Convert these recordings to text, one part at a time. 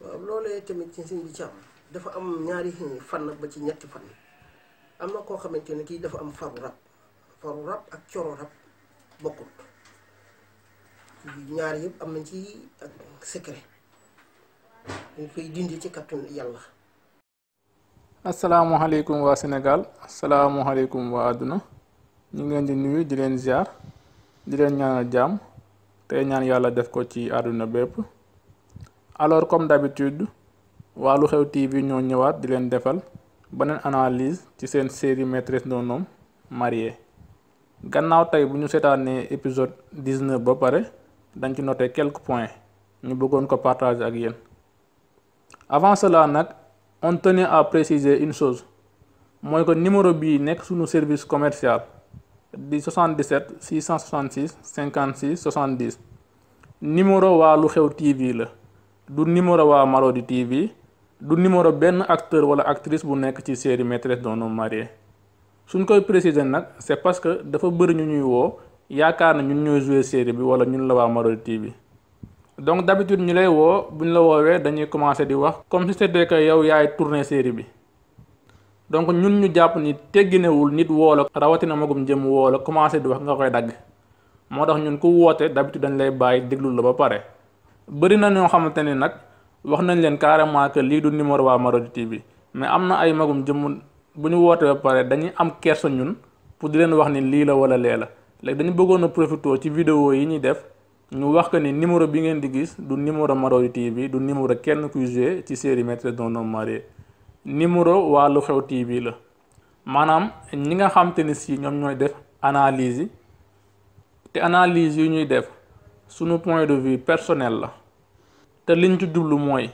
waaw loolee tamit ci sëñ bi ci dafa am ñaari fan ba ci ñetti fan am na koo xamante ne kii dafa am faru rab faru rab ak coro rab bokkut ñaar yëpp am nañ ci ak secret dañ koy dindi ci kàttun yàlla asalaamaaleykum waa Sénégal asalaamaaleykum waa àdduna ñu ngi di nuyu di leen ziar di leen ñaanal jàmm tey ñaan yàlla def ko ci àdduna bépp alors comme d'habitude waa lu xew TV ñoo ñëwaat di leen defal beneen analyse ci seen série maîtresse d'un homme marié gannaaw tey bu ñu seetaanee épisode 19 ba pare dañ ci noté quelques point ñu bëggoon ko partager ak yéen avant cela nag on tenait à préciser une chose mooy que numéro bii nekk sunu service commercial di 77 666 56 70 numéro waa lu xew TV la du numéro waa Marodi TV du numéro benn acteur wala actrice bu nekk ci série maîtresse d'un homme marié suñ koy préciser nag c'est parce que dafa bëri ñu ñuy woo yaakaar na ñun ñooy jouer série bi wala ñun la waa Marodi TV donc d'habitude ñu lay woo bu ñu la woowee dañuy commencer di wax comme si c'était ko yow yaay tourner série bi donc ñun ñu jàpp ni tegginewul nit woo rawatina magum jëm woo la commencer di wax nga koy dagg moo tax ñun ku woote d'habitude dañ lay bàyyi déglu la ba pare bëri na ñoo xamante ni nag wax nañ leen carrément que lii du numéro waa Marodi TV mais am na ay magum jëmm bu ñu wootee ba pare dañuy am kersa ñun pour di leen wax ni lii la wala lee la léegi dañu bëggoon a profité ci vidéo yi ñuy def ñu wax ko ni numéro bi ngeen di gis du numéro Marodi TV du numéro kenn kuy joué ci série Maîtresse d'un homme marié numéro waa Lu Xew TV la maanaam ñi nga xam te ni si ñoom ñooy def analyse yi te analyse yu ñuy def. sunu point de vue personnel la te liñ ci jublu mooy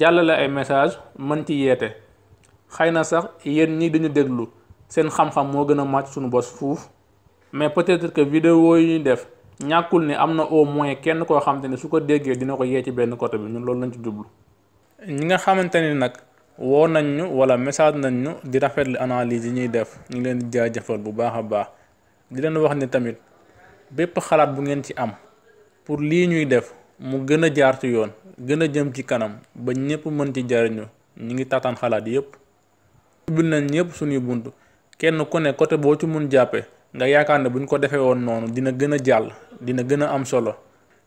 jàllale ay message mën ci yeete xëy na sax yéen ñi dañu déglu seen xam-xam moo gën a màcc sunu bos fuuf mais peut-être que vidéo yi ñuy def ñàkkul ni am na au moins kenn koo xamante ne su ko déggee dina ko yee ci benn côté bi ñun loolu lañ ci jublu. ñi nga xamante ni nag woo nañ ñu wala message nañ ñu di rafetlu analyse yi ñuy def ñu ngi leen di jaajëfal bu baax a baax di leen wax ni tamit bépp xalaat bu ngeen ci am. pour lii ñuy def mu gën a jaar ci yoon gën a jëm ci kanam ba ñëpp mën ci jariñu ñu ngi tataan xalaat yépp ubbil nañ ñëpp suñuy bunt kenn ku ne côté boo ci mun jàppee nga yaakaar ne buñ ko defee woon noonu dina gën a jàll dina gën a am solo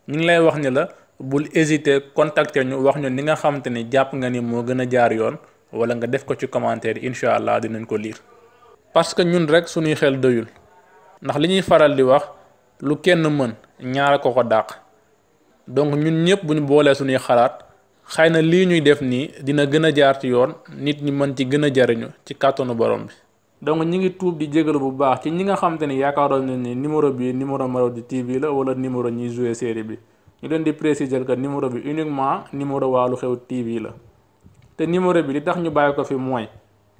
ñu ngi lay wax ni la bul hésiter contacter ñu wax ñu ni nga xam te ni jàpp nga ni moo gën a jaar yoon wala nga def ko ci commentaire incha allah dinañ ko liir parce que ñun rek suñuy xel doyul ndax li ñuy faral lu kenn mën ñaara ko ko dàq donc ñun ñëpp bu ñu boolee suñuy xalaat xëy na lii ñuy def nii dina gën a jaar ci yoon nit ñi mën ci gën a jariñu ci kàttanu borom bi. donc ñi ngi tuub di jégalu bu baax ci ñi nga xamante ni yaakaaroon nañ ni numéro bii numéro Marodi TV la wala numéro ñiy joué série bi ñu leen di préciser que numéro bi uniquement numéro Waalu Xew TV la te numéro bi li tax ñu bàyyi ko fi mooy.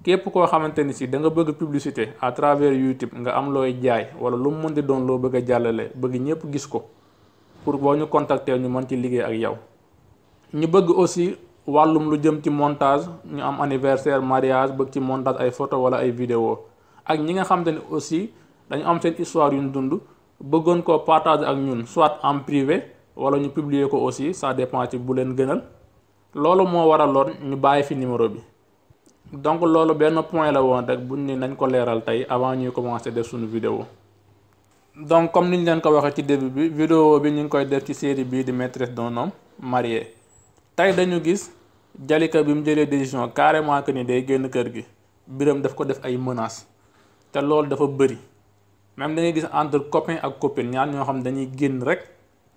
képp koo xamante ni si da nga bëgg publicité à travers YouTube nga am looy jaay wala lu mu mën di doon loo bëgg a jàllale bëgg ñëpp gis ko pour boo ñu contacter ñu mën ci liggéey ak yow. ñu bëgg aussi wàllum lu jëm ci montage ñu am anniversaire mariage bëgg ci montage ay photo wala ay vidéo ak ñi nga xamante ni aussi dañu am seen histoire yu ñu dund bëggoon ko partager ak ñun soit en privé wala ñu publier ko aussi ça dépend ci bu leen gënal loolu moo waraloon ñu bàyyi fi numéro bi. donc loolu benn point la woon rek buñ nii nañ ko leeral tey avant ñuy commencer def suñu vidéo donc comme niñ leen ko waxee ci début bi video bi ñu ngi koy def ci série bii di maîtresse d'un noom marié tey dañu gis Jalika bi mu jëlee décision carrément que ni day génn kër gi Biram daf ko def ay menaces te loolu dafa bëri même dañuy gis entre copain ak copine ñaar ñoo xam dañuy génn rek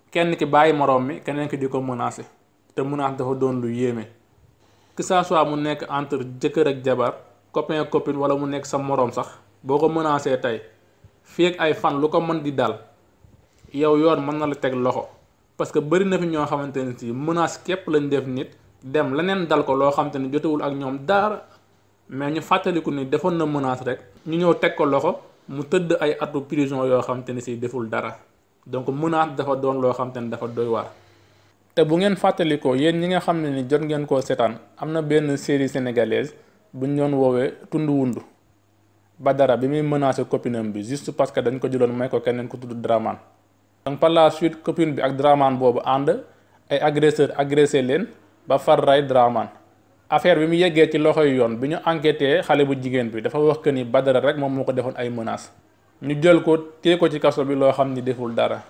kenn ki bàyyi moroom mi keneen ki di ko menacer te menace dafa doon lu yéeme. que ça soit mu nekk entre jëkkër ak jabar copain copine wala mu nekk sa moroom sax boo ko menacé tey fii ak ay fan lu ko mën di dal yow yoon mën na la teg loxo parce que bëri na fi ñoo xamante ne sii menace képp lañ def nit dem leneen dal ko loo xamante ni jotewul ak ñoom dara mais ñu fàttaliku ni defoon na menace rek ñu ñëw teg ko loxo mu tëdd ay atu prison yoo xamante ne sii deful dara donc menace dafa doon loo xamante ni dafa doy waar. te bu ngeen fàttalikoo yéen ñi nga xam ne ni jot ngeen koo seetaan am na benn série sénégalaise bu ñu doon woowee tund wund Badara bi muy menacé copinam bi juste parce que dañ ko jëloon may ko keneen ko tudd Dramane donc par la suite copine bi ak Dramane boobu ànd ay agresseur agressé leen ba far ray Dramane affaire bi mu yeggee ci loxo loxoy yoon bi ñu enquêté xale bu jigéen bi dafa wax que ni Badara rek moom moo ko defoon ay menaces ñu jël ko téye ko ci kaso bi loo xam ni deful dara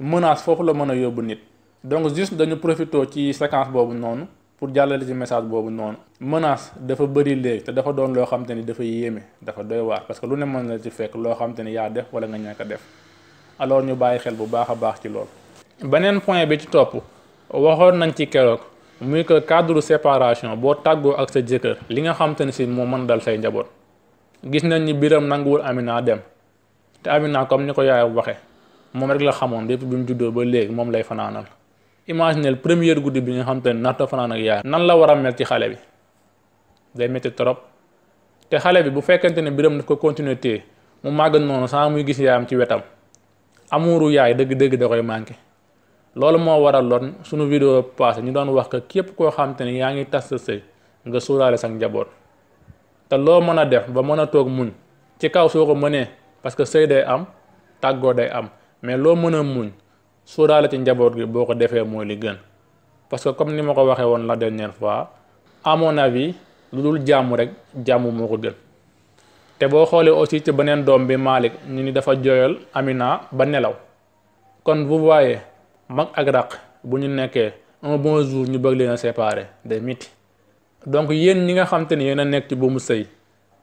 menace foofu la mën a yóbbu nit. donc juste dañu profité ci séquence boobu noonu pour jàllale ci message boobu noonu menace dafa bëri léegi te dafa doon loo xam ni dafa yéeme dafa doy waar parce que lu ne mën na ci fekk loo xam ni yaa def wala nga ñàkk def alors ñu bàyyi xel bu baax a baax ci lool beneen point bi ci topp waxoon nañ ci keroog muy que cadre séparation boo tàggoo ak sa jëkkër li nga xam te ni si moo mën dal say njaboot gis nañ ni biram nanguwul Amina dem te Amina comme ni ko yaayam waxee moom rek la xamoon depuis bi mu juddoo ba léegi moom lay fanaanal. imaginel première guddi bi nga xam te ne Naarta Fanaan ak Yaaya nan la war a mel ci xale bi day métti trop te xale bi bu fekkente ne biram daf ko continuer téye mu màgg noonu saa muy gis yaayam ci wetam amuuru yaay dëgg-dëgg da koy manqué loolu moo waral loon sunu vidéo passé ñu doon wax que képp koo xam te yaa ngi tas sa sëy nga suuraale sa njaboot te loo mën a def ba mën a toog muñ ci kaw soo ko mënee parce que sëy day am tàggoo day am mais loo mën a muñ sóoraale ci njaboot bi boo ko defee mooy li gën parce que comme ni ma ko waxee woon la dernière fois amoon mon avis lu dul jàmm rek jàmm moo ko gën te boo xoolee aussi ci beneen doom bi Malick ñu ni dafa jooyal Amina ba nelaw kon vous voyez mag ak raq bu ñu nekkee un bon jour ñu bëgg leen a séparer day miti donc yéen ñi nga xam ni yéen a nekk ci bu mu sëy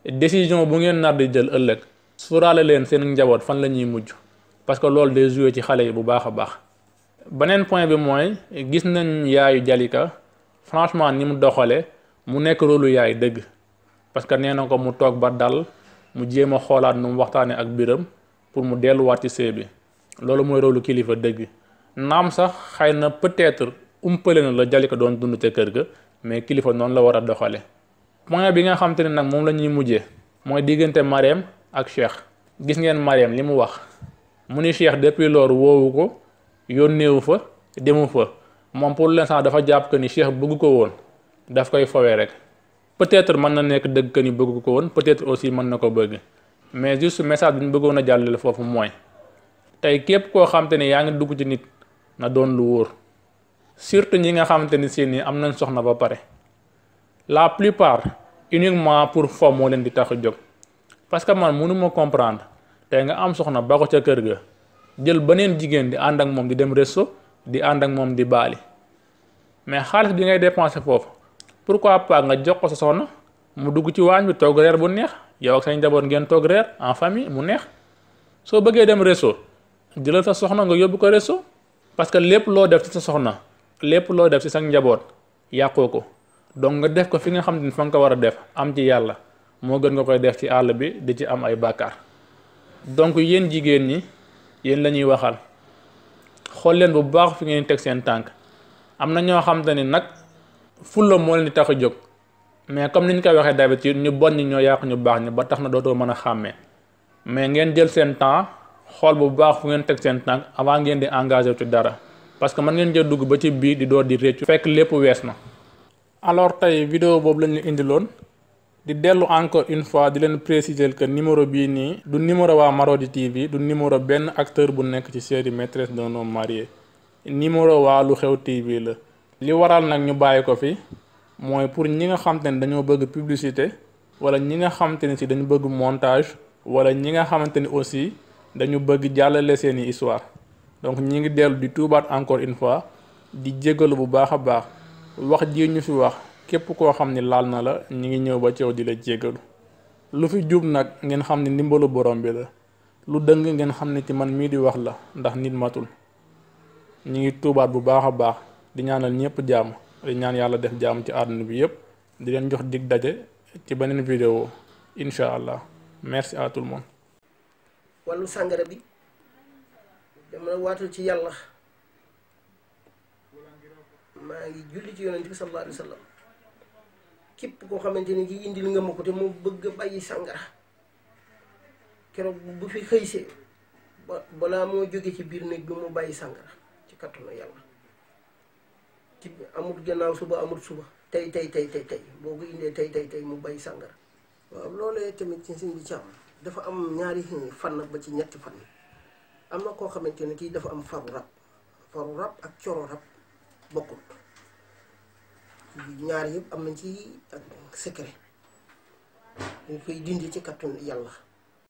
décision bu ngeen nar di jël ëllëg suuraale leen seen njaboot fan la ñuy mujj parce que loolu day joué ci xale yi bu baax a baax beneen point bi mooy gis nañ yaayu Jalika franchement ni mu doxale mu nekk rôlu yaay dëgg parce que nee na ko mu toog ba dal mu jéem a xoolaat nu mu waxtaanee ak biram pour mu delluwaat ci see bi loolu mooy rôlu kilifa dëgg naam sax xëy na peut-être umpale na la Jalika doon dund ca kër ga mais kilifa noonu la war a doxale point bi nga xam ne nag moom la ñuy mujjee mooy diggante Marème ak Cheikh gis ngeen Marème li mu wax mu ni Cheikh depuis loolu woowu ko yónneewu fa demu fa moom pour l'instant dafa jàpp que ni Cheikh bëgg ko woon daf koy fowee rek peut-être mën na nekk dëgg que ni bëgg ko woon peut-être aussi mën na ko bëgg mais juste message bi ñu bëggoon a foofu mooy tey képp koo xam ni yaa ngi dugg ci nit na doon lu wóor surtout ñi nga xamante ni seen am nañ soxna ba pare la plupart uniquement pour fo moo leen di tax a jóg parce que man mënuma comprendre tey nga am soxna ba ko ca kër ga jël beneen jigéen di ànd ak moom di dem resto di ànd ak moom di baali mais xaalis bi ngay dépensé foofu pourquoi pas nga jox ko sa soxna mu dugg ci waañ bi togg reer bu neex yow ak say njaboot ngeen togg reer en famille mu neex soo bëggee dem resto jëlal sa soxna nga yóbbu ko resto parce que lépp loo def ci sa soxna lépp loo def ci sa njaboot yàqoo ko donc nga def ko fi nga xam ne fa nga ko war a def am ci yàlla moo gën nga koy def ci àll bi di ci am ay bàkkaar donc yéen jigéen ñi yéen la ñuy waxal xool leen bu baax fu ngeen teg seen tànk am na ñoo xam te ni nag fulla moo leen di tax a jóg mais comme ni ñu koy waxee d'habitude ñu bon ñi ñoo yàq ñu baax ñi ba tax na dootoo mën a xàmmee mais ngeen jël seen temps xool bu baax fu ngeen teg seen tànk avant ngeen di engagé ci dara parce que mën ngeen jël dugg ba ci biir di door di réccu fekk lépp wees na alors tey vidéo boobu lañu indiloon di dellu encore une fois di leen préciser que numéro bii nii du numéro waa Marodi TV du numéro benn acteur bu nekk ci seeri maîtresse d'un homme marié numéro waa lu xew TV la li waral nag ñu bàyyi ko fi mooy pour ñi nga xam te ne dañoo bëgg publicité wala ñi nga xam ne si dañu bëgg montage wala ñi nga xamante ni aussi dañu bëgg jàllale seeni histoire donc ñi ngi dellu di tuubaat encore une fois di jégalu bu baax a baax wax ji ñu fi wax képp koo xam ni laal na la ñu ngi ñëw ba ci di la jéggalu lu fi jub nag ngeen xam ni ndimbalu borom bi la lu dëng ngeen xam ni ci man mii di wax la ndax nit matul ñu ngi tuubaat bu baax a baax di ñaanal ñëpp jàmm di ñaan yàlla def jàmm ci àdduna bi yëpp di leen jox dig daje ci beneen vidéo incha allah merci à tout le monde. wàllu sàngara bi ci yàlla maa képp koo xamante ni kii li nga ma ko mu bëgg a bàyyi sàngara keroog bu fi xëysee ba balaa moo jóge ci biir néeg bi mu bàyyi sàngara ci kattanu yàlla ci amul gannaaw suba amul suba tey tey tey tey tey boo ko indee tey tey tey mu bàyyi sàngara waaw loolee tamit ci sëñ bi ci dafa am ñaari fan ba ci ñetti fan am na koo xamante ne kii dafa am faru rab faru rab ak coro rab bokkut ñaar yëpp am nañ ci secret dañ koy dindi ci kattanu yàlla